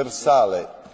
universale